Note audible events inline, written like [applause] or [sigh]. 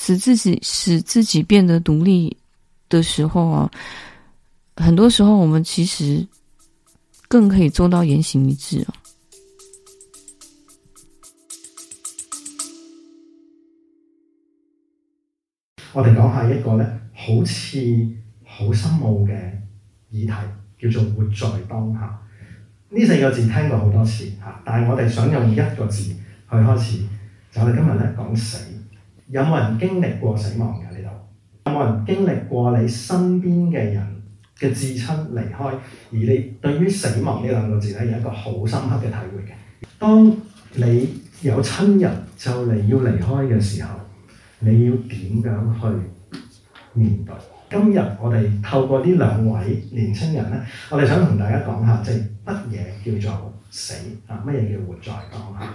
使自己使自己變得獨立的時候啊，很多時候我們其實更可以做到言行一致啊。 [noise] [noise] 我哋講下一個呢，好似好深奧嘅議題，叫做活在當下。呢四個字聽過好多次吓，但係我哋想用一個字去開始，就是，我哋今日呢講死。有冇人經歷過死亡㗎？呢度有冇人經歷過你身邊嘅人嘅至親離開？而你對於死亡呢兩個字咧，有一個好深刻嘅體會嘅。當你有親人就嚟要離開嘅時候，你要點樣去面對？今日我哋透過呢兩位年青人咧，我哋想同大家講下，即係乜嘢叫做死啊？乜嘢叫活在當下？